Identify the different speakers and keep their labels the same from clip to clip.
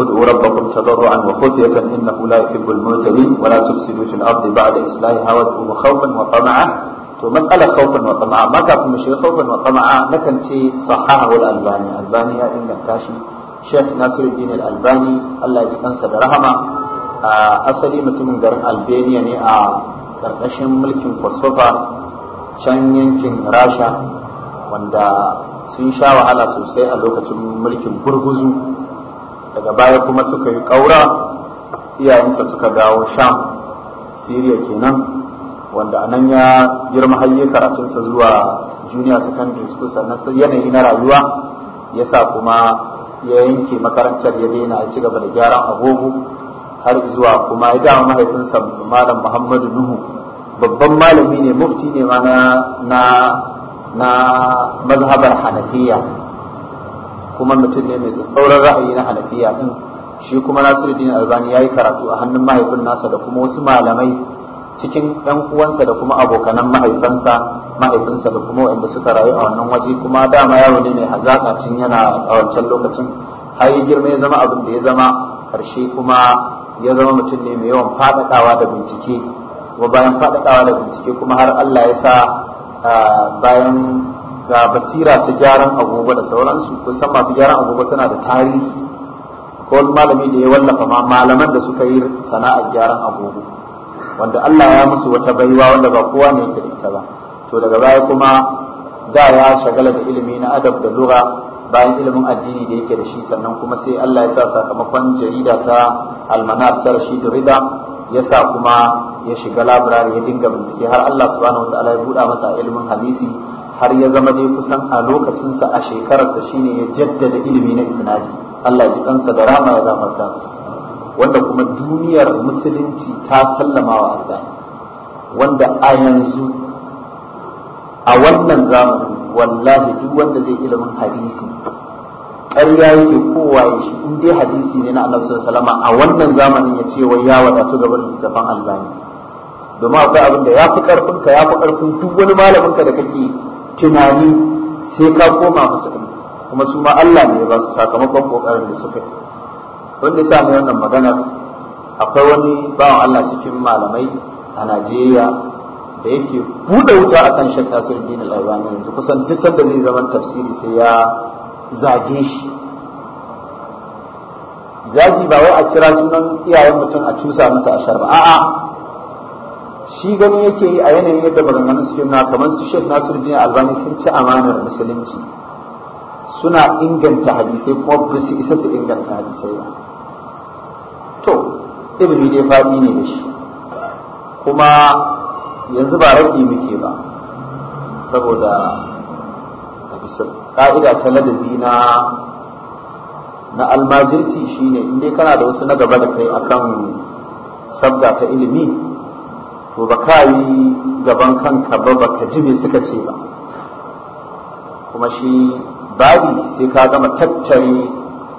Speaker 1: ادعوا ربكم تضرعا وخفية إنه لا يحب المعتدين ولا تفسدوا في الأرض بعد إصلاحها وادعوه خوفا وطمعا to matsalar khaufan wa tama'a amma kafin mu shiga khaufan wa tama'a nakan ce sahahu al-albani albani ya inganta shi Sheikh Nasiruddin al-Albani Allah ya ji kansa da rahama asali mutumin garin Albania ne a karkashin mulkin Kosovo can yankin Rasha wanda sun sha wahala sosai a lokacin mulkin gurguzu daga baya kuma suka yi ƙaura iyayensa suka dawo sham siriya kenan wanda anan ya girma hayye karatunsa zuwa junior secondary school sannan yanayi na rayuwa ya sa kuma ya yanke makarantar ya daina ya ci gaba da gyaran agogo har zuwa kuma ya dawo mahaifinsa malam muhammadu nuhu babban malami ne mufti ne ma na na mazhabar hanafiya kuma mutum ne mai tsauran ra'ayi na hanafiya din shi kuma nasiruddin albani ya yi karatu a hannun mahaifin nasa da kuma wasu malamai cikin yan uwansa da kuma abokanan mahaifansa mahaifinsa da kuma waɗanda suka rayu a wannan waje kuma dama yaro ne mai hazaƙa tun yana a wancan lokacin har yi girma ya zama abin da ya zama karshe kuma ya zama mutum ne mai yawan faɗaɗawa da bincike kuma bayan faɗaɗawa da bincike kuma har Allah ya sa ah, bayan ga basira ta gyaran agogo da sauransu kun san masu gyaran agogo suna da tarihi ko malami da ya wallafa ma malaman da suka yi sana'ar gyaran agogo wanda Allah ya musu wata baiwa wanda ba kowa ne yake ita ba to daga baya kuma da ya shagala da ilimi na adab da lura bayan ilimin addini da yake da shi sannan kuma sai Allah ya sa sakamakon jarida ta almanar ta Rashid Rida ya sa kuma ya shiga labirari ya dinga bincike har Allah subhanahu wataala ya buɗa masa ilimin hadisi har ya zama dai kusan a lokacinsa a shekararsa shine ya jaddada ilimi na isnadi Allah ji kansa da rama ya gafarta masa wanda kuma duniyar musulunci ta sallama wa Allah wanda a yanzu a wannan zamanin wallahi duk wanda zai ilimin hadisi ƙarya yake kowa ya shi in dai hadisi ne na Allah sallama a wannan zamanin ya ce wai ya wadatu gaban littafin albani domin akwai abin da ya fi ƙarfinka ya fi ƙarfin duk wani malaminka da kake tunani sai ka koma musu ɗin kuma su ma Allah ne ba su sakamakon ƙoƙarin da suka yi wanda ya sami wannan maganar, akwai wani bawan Allah cikin malamai a Najeriya da yake buɗe wuta akan shan tasirin al laibani yanzu kusan duk sanda zai zama tafsiri sai ya zage shi zagi ba wai a kira sunan iyayen mutum a cusa masa ashar ba a'a shi ganin yake yi a yanayin yadda maganganu suke na kamar su shek Nasiruddin Albani sun ci amanar musulunci suna inganta hadisai kuma ba su isa su inganta hadisai ba to ilimi dai faɗi ne da shi kuma yanzu ba rabi muke ba saboda a bisa ƙa'ida ta ladabi na na almajirci shine in dai kana da wasu na gaba da kai akan sabga ta ilimi to ba ka yi gaban kanka ba ba ka ji me suka ce ba kuma shi babi sai ka gama tattare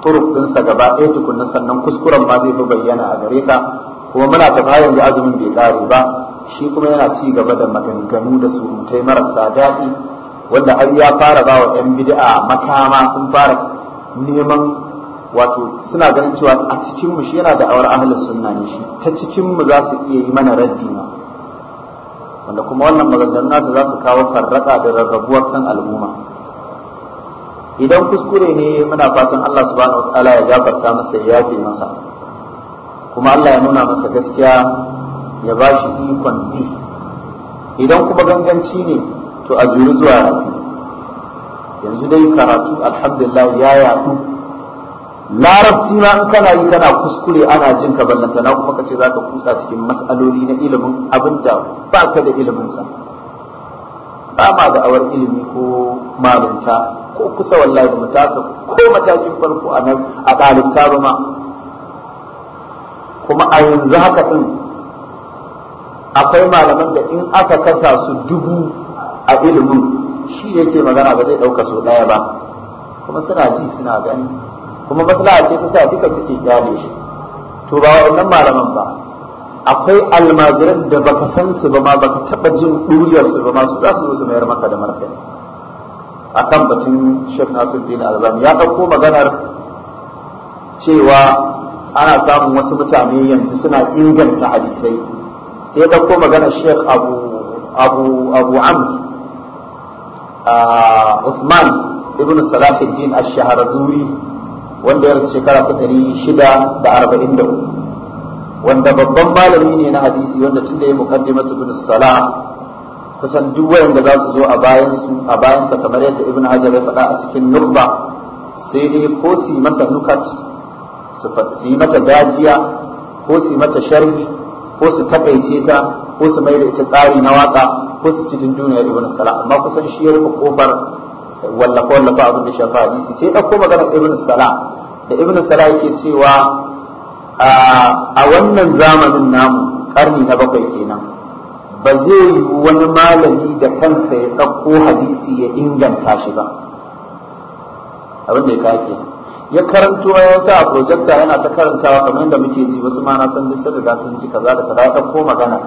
Speaker 1: turukinsa gaba ɗaya tukunna sannan kuskuren ma zai fi bayyana a gare ka kuma muna tafa yanzu azumin bai ƙare ba shi kuma yana ci gaba da maganganu da surutai marasa daɗi wanda har ya fara ba wa 'yan bid'a makama sun fara neman wato suna ganin cewa a cikinmu shi yana da awar ahalin sunna ne shi ta cikinmu za su iya yi mana raddi ma wanda kuma wannan maganganun nasu za su kawo farraka da rarrabuwar kan al'umma idan kuskure ne muna fatan Allah subhanahu wataala ya gafarta masa ya yafe masa kuma Allah ya nuna masa gaskiya ya ba shi ikon bi idan kuma ganganci ne to a juri zuwa rafi yanzu dai karatu alhamdulillah ya yaɗu larabci ma in kana yi kana kuskure ana jin ka na kuma kace za ka kusa cikin mas'aloli na ilimin abinda ba ka da ilimin sa ba ma da awar ilimi ko malunta ko kusa wallahi ba ko matakin farko a nan a ɗalibta ba ma kuma a yanzu haka ɗin akwai malaman da in aka kasa su dubu a ilimin shi yake magana ba zai ɗauka sau ɗaya ba kuma suna ji suna gani kuma maslaha ce ta sa duka suke gane shi to ba wa'annan malaman ba akwai almajiran da baka san su ba ma baka taba jin duriyar su ba su za su zo su mayar maka da martani akan batun Sheikh Nasiruddin Albani ya dauko maganar cewa ana samun wasu mutane yanzu suna inganta hadisai sai ya dauko maganar Sheikh Abu Abu Abu Amr ah, Uthman ibn Salahuddin Ash-Shahrazuri wanda ya shekara ta ɗari shida da arba'in da uku wanda babban malami ne na hadisi wanda tun da ya mata bin sala kusan duk wayanda za su zo a bayan a bayansa kamar yadda ibn hajar ya faɗa a cikin nufba sai dai ko su yi masa nukat su yi mata gajiya ko su yi mata sharhi ko su takaice ta ko su mai da ita tsari na waka ko su ci dunduniyar ibn sala amma kusan shi ya rufe kofar wallafa wallafa abin da shafa hadisi sai ɗauko magana ibn salah da ibn salah yake cewa a wannan zamanin namu karni na bakwai kenan ba zai yi wani malami da kansa ya ɗauko hadisi ya inganta shi ba abin da ya kake ya karanto ya sa a projecta yana ta karantawa kamar yadda muke ji wasu ma na san duk sun sun ji kaza da kaza ɗauko magana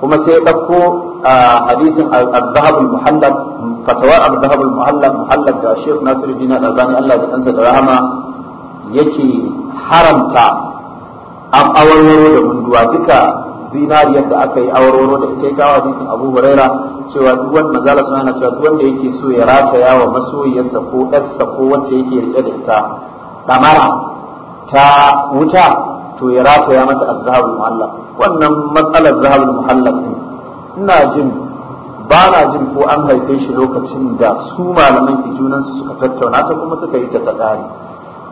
Speaker 1: kuma sai ɗauko hadisin al-dhahab al-muhallab fatawar al-dhahab al-muhallab muhallab da Sheikh Nasiruddin Al-Albani Allah ya kansa da rahama yake haramta an awarwaro da munduwa duka zinariyar da aka yi awarwaro da ita kawo hadisin Abu Huraira cewa duk wanda manzala sunana cewa duk wanda yake so ya rataya wa masoyiyarsa ko ɗarsa ko wacce yake rike da ita damara ta wuta to ya rataya mata azhabul muhallaq wannan matsalar zahar muhallaq ne ina jin ba na jin ko an haife shi lokacin da su malaman ijunansu suka tattauna ta kuma suka yi ta tsakari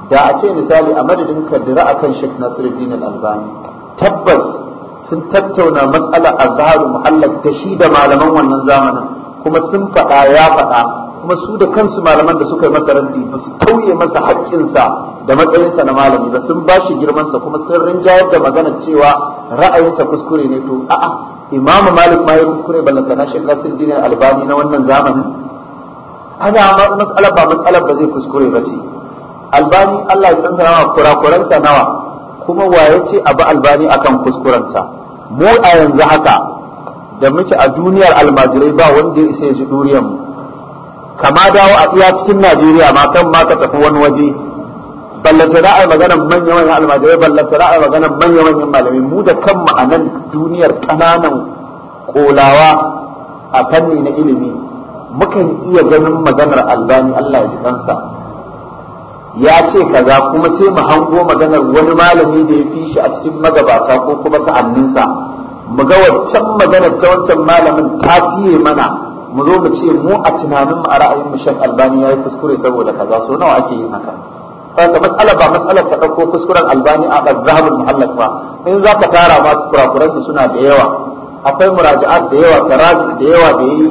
Speaker 1: da a ce misali a madadin kaddira akan Sheikh Nasiruddin Al-Albani tabbas sun tattauna matsalar azhabul muhallaq da shi da malaman wannan zamanin kuma sun faɗa ya faɗa kuma su da kansu malaman da suka yi masa raddi ba su tauye masa haƙƙinsa da matsayinsa na malami ba sun ba shi girmansa kuma sun rinjayar da magana cewa ra'ayinsa kuskure ne to a'a imamu malik ma ya kuskure ballanta na sun sirdinar albani na wannan zamanin ana matsalar ba masalar ba zai kuskure ba ce albani allah ya tsansa nawa kurakuransa nawa kuma waye ce abu albani akan kuskurensa mu a yanzu haka da muke a duniyar almajirai ba wanda ya isa ya ji duriyar mu kama dawo a tsiya cikin najeriya ma kan ma ka tafi wani waje ballata ra'ayi maganar manya manyan almajirai ballata ra'ayi maganar manya manyan malami mu da kan ma'anan duniyar kananan kolawa a fanni na ilimi mukan iya ganin maganar albani Allah ya ji kansa ya ce kaza kuma sai mu hango maganar wani malami da ya fi shi a cikin magabata ko kuma sa'anninsa mu ga waccan maganar ta wancan malamin ta fiye mana mu zo mu ce mu a tunanin mu a ra'ayin mu shan albani ya yi kuskure saboda kaza so nawa ake yin haka kaga mas'alar ba mas'alar ka ɗauko kuskuren albani a zahabul muhallak ba in za ka tara ma kurakuransu suna da yawa akwai muraji'at da yawa taraju da yawa da yi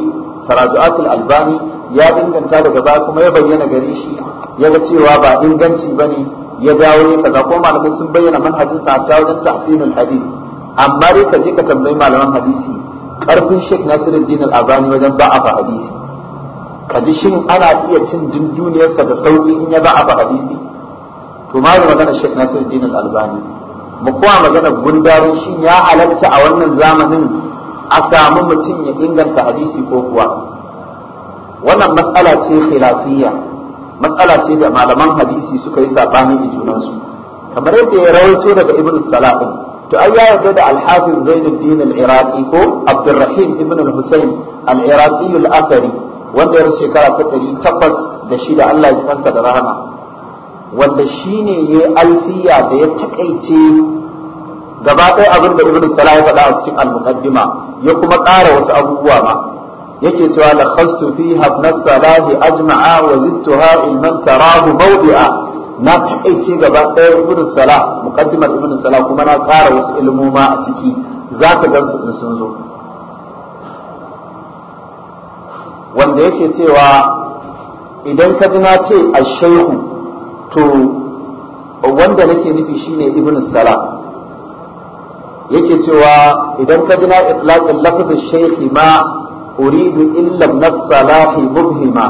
Speaker 1: taraju'atul albani ya inganta daga baya kuma ya bayyana gare shi ya ga cewa ba inganci ba ne ya dawo ya kaza ko malamai sun bayyana manhajin sa ta wajen tahsinul hadith amma dai ka je ka tambayi malaman hadisi karfin Sheikh Nasiruddin Al-Albani wajen ba'afa hadisi kaji shin ana iya cin dunduniyarsa da sauki in ya ba'afa hadisi to ma da magana Sheikh Nasiruddin Al-Albani mu kuma magana gundarin shin ya halatta a wannan zamanin a samu mutum ya inganta hadisi ko kuwa wannan matsala ce khilafiyya matsala ce da malaman hadisi suka yi sabani da junansu kamar yadda ya rawaito daga Ibn Salahin to ai ya yarda da Al-Hafiz Zainuddin Al-Iraqi ko Abdurrahim Ibn Al-Husayn Al-Iraqi Al-Athari wanda ya shekara ta 806 Allah ya kansa da rahama wanda shi ne ya yi alfiya da ya takaice gaba ɗaya abin da ibnu salah ya faɗa a cikin al-muqaddima ya kuma ƙara wasu abubuwa ma yake cewa la khastu fi hadna salah ajma'a wa zidtuha ilman tarahu mawdi'a na takaice gaba ɗaya salah muqaddimar ibnu salah kuma na ƙara wasu ilmuma a ciki zaka gansu in sun zo wanda yake cewa idan ka ji na ce a to wanda nake nufi shine ibn sala yake cewa idan ka ji na itlaqin lafzin shaykhi ma uridu illa nasalahi mubhima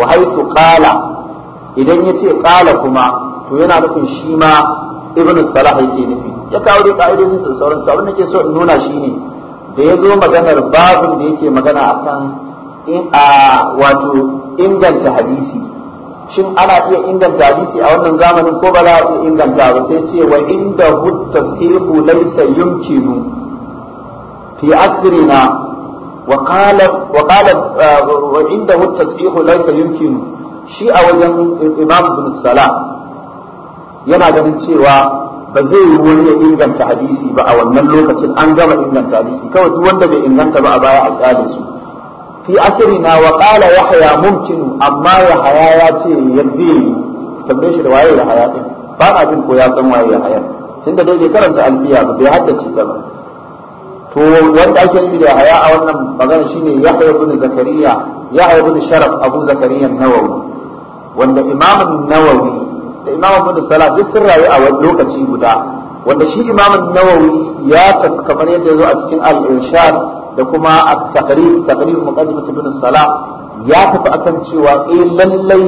Speaker 1: wa haythu qala idan yace qala kuma to yana nufin shi ma ibn salah yake nufi ya kawo dai ka'idojin su sauran su abin da ke so in nuna shine da yazo maganar babin da yake magana akan in a wato inganta hadisi shin ana iya inganta hadisi a wannan zamanin ko ba za a iya inganta ba sai ce wa inda hu tashihu laisa yumkinu fi asrina wa qala wa qala wa inda hu tashihu yumkinu shi a wajen imam ibn salam yana ganin cewa ba zai yi wani ya inganta hadisi ba a wannan lokacin an gama inganta hadisi kawai duk wanda bai inganta ba a baya a kyale su fi na wa ya haya mumkin amma haya ya ce yanzu tambaye shi da waye haya ɗin ba na jin ko ya san waye haya tunda dai daidai karanta alfiya ba bai haddace ta ba to wanda ake nufi da haya a wannan magana shine haya bin zakariya ya haya bin sharaf abu zakariya nawawi wanda imamun nawawi da imamun bin salah duk sun rayu a wani lokaci guda wanda shi imamun nawawi ya tafi kamar yadda ya zo a cikin al-irshad da kuma a takarir taqrib muqaddimat ibn salam ya tafi akan cewa eh lallai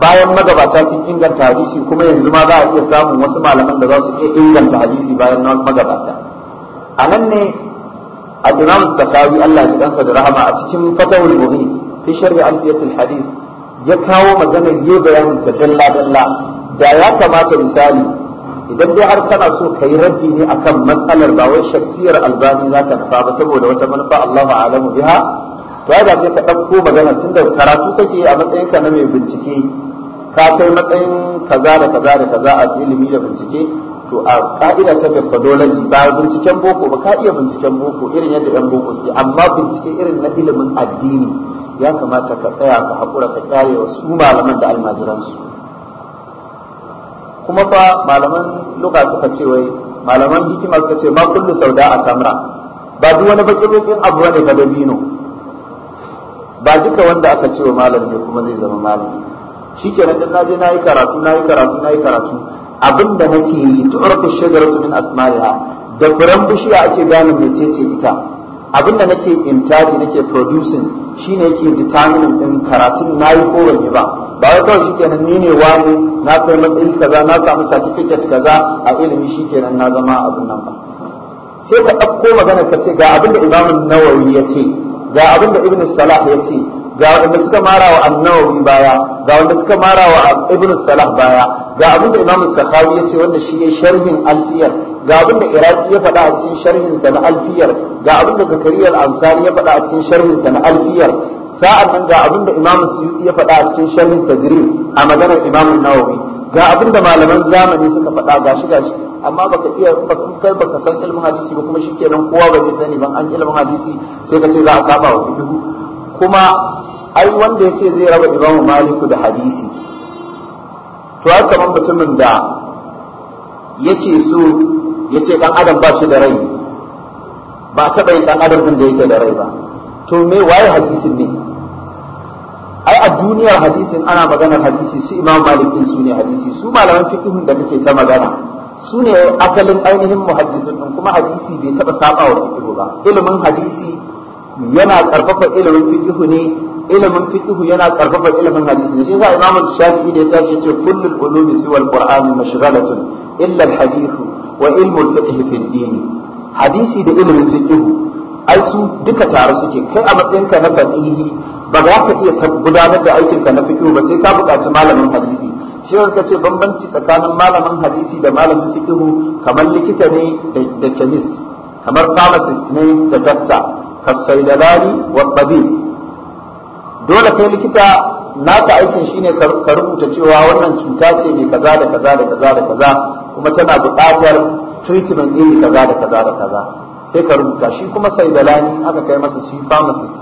Speaker 1: bayan magabata sun inganta hadisi kuma yanzu ma za a iya samun wasu malaman da za su iya inganta hadisi bayan magabata a nan ne a imam sakawi Allah ya da rahama a cikin fatawul mughith fi sharh al-fiyatul hadith ya kawo maganar yayin bayanin ta dalla dalla da ya kamata misali idan dai har kana so ka yi raddi ne akan matsalar ba wai shaksiyar albani za ka nufa ba saboda wata manufa Allahu alamu biha to ai sai ka ɗauko magana tun da karatu kake a matsayin ka na mai bincike ka kai matsayin kaza da kaza da kaza a ilimi da bincike to a ka'ida ta methodology ba binciken boko ba ka iya binciken boko irin yadda yan boko suke amma bincike irin na ilimin addini ya kamata ka tsaya ka haƙura ka kyale wa su malaman da almajiransu kuma fa malaman luka suka ce wai malaman hikima suka ce ma kullu sauda a tamra ba duk wani baki baki abu ne ga dabino ba duka wanda aka ce wa malami ne kuma zai zama malami shikenan din naje nayi karatu nayi karatu nayi karatu abinda nake yi tu'rafu shajaratu min asmariha da furen bishiya ake gane mecece ita abinda nake intaji nake producing shine yake determining din karatun nayi ko ban yi ba ba wai kawai shikenan ni ne wani na kai matsayi kaza na samu certificate kaza a ilimi shikenan na zama abin nan ba sai ka ɗauko magana ka ce ga abin da imamun nawawi ya ce ga abin da ibn salah ya ce ga wanda suka mara wa annawawi baya ga wanda suka mara wa ibn salah baya ga abin da imamu ya ce wanda shi ya sharhin alfiyar ga abin da iraki ya faɗa a cikin sharhin sa na alfiyar ga abin da zakariya al ya faɗa a cikin sharhin sa na alfiyar sa'an nan ga abin da imamu suyuti ya faɗa a cikin sharhin tadrib a maganar imamu nawawi ga abin da malaman zamani suka faɗa gashi gashi amma baka iya kai baka san ilmin hadisi ba kuma shikenan kowa ba zai sani ban an ilmin hadisi sai ka ce za a saba wa fiqhu kuma ai wanda ya ce zai raba imamu maliku da hadisi to har kamar mutumin da yake so ya ce ɗan adam ba shi da rai ba taɓa yin ɗan adam din da yake da rai ba to me waye hadisin ne ai a duniyar hadisin ana maganar hadisi su imam malik din su ne hadisi su malaman fikihun da kake ta magana su ne asalin ainihin muhaddisin kuma hadisi bai taɓa sabawa wa ba ilimin hadisi yana karfafa ilimin fiqhu ne ilimin fiqhu yana karfafa ilimin hadisi ne shi yasa Imam Shafi'i da ya tashi yace kullul ulumi siwa al-Qur'an mashghalatun illa al-hadith wa ilmu al fi ad-din hadisi da ilimin fiqhu ai su duka tare suke kai a matsayin ka na fatihi ba za ka iya gudanar da aikin ka na fiqhu ba sai ka buƙaci malamin hadisi shi yasa kace bambanci tsakanin malamin hadisi da malamin fiqhu kamar likita ne da chemist kamar pharmacist ne da doctor as-saydalani wa tabib dole kai likita naka aikin shine ka rubuta cewa wannan cuta ce mai kaza da kaza da kaza da kaza kuma tana buƙatar treatment iri kaza da kaza da kaza sai ka rubuta shi kuma Lani aka kai masa shi pharmacist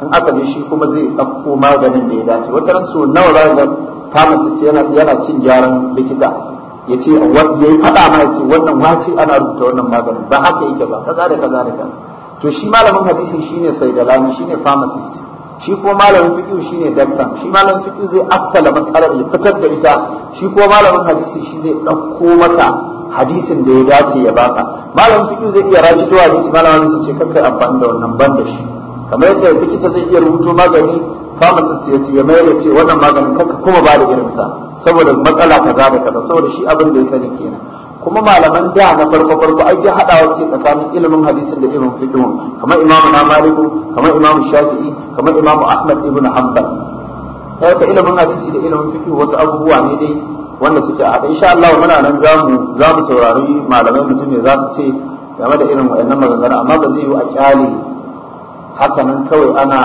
Speaker 1: in aka je shi kuma zai dauko maganin da ya dace wata ran so nawa za ga pharmacist yana yana cin gyaran likita ya ce ya yi faɗa ma ce wannan wace ana rubuta wannan maganin ba haka yake ba kaza da kaza da kaza to shi malamin hadisi shine saidalani shine pharmacist shi ko malamin fiqh shine doctor shi malamin fiqh zai afsala mas'alar ya fitar da ita shi ko malamin hadisi shi zai dauko maka hadisin da ya dace ya baka malamin fiqh zai iya to hadisi malamin su ce kakkai amfani da wannan ban da shi kamar yadda likita zai iya rubuto magani pharmacist ya ce ya mai ce wannan maganin kakka kuma ba da irinsa saboda matsala kaza da kaza saboda shi abin da ya sani kenan kuma malaman da na farko farko ai ya wasu suke tsakanin ilimin hadisin da ilimin fiqh kamar imamu na maliku kamar imamu shafi'i kamar imamu ahmad ibn hanbal haka ilimin hadisi da ilimin fiqh wasu abubuwa ne dai wanda suke a haɗe insha Allah muna nan zamu zamu saurari malamai mutum ne za su ce game da irin wayannan maganganu amma ba zai yi a kyale haka nan kawai ana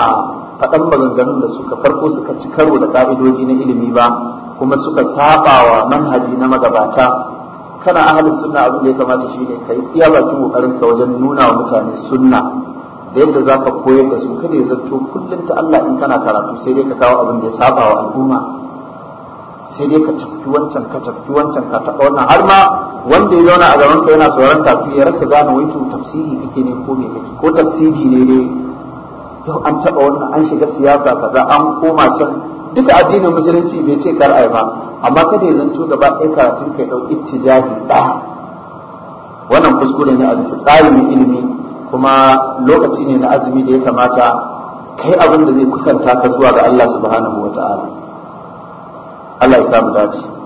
Speaker 1: faɗan maganganun da suka farko suka ci karo da ka'idoji na ilimi ba kuma suka saɓa wa manhaji na magabata kana ahalin sunna abu da ya kamata shi ne ka yi iya bakin kokarin ka wajen nuna wa mutane sunna da yadda za ka koyar da su kada ya zanto kullum ta Allah in kana karatu sai dai ka kawo abin da ya saba wa al'umma sai dai ka cakki wancan ka cakki wancan ka taɓa wannan har ma wanda ya zauna a gaban ka yana sauran kafi ya rasa gane to tafsiri kake ne ko me kake ko tafsiri ne dai yau an taɓa wannan an shiga siyasa kaza an koma can duka addinin musulunci bai ce kar ai ba amma kada ya zanto gaba ɗaya karatun ka ɗau ittijahi ɗaya wannan kuskure ne a bisa tsarin ilimi kuma lokaci ne na azumi da ya kamata kai abin da zai kusanta ka zuwa ga Allah subhanahu wa ta'ala Allah ya samu dace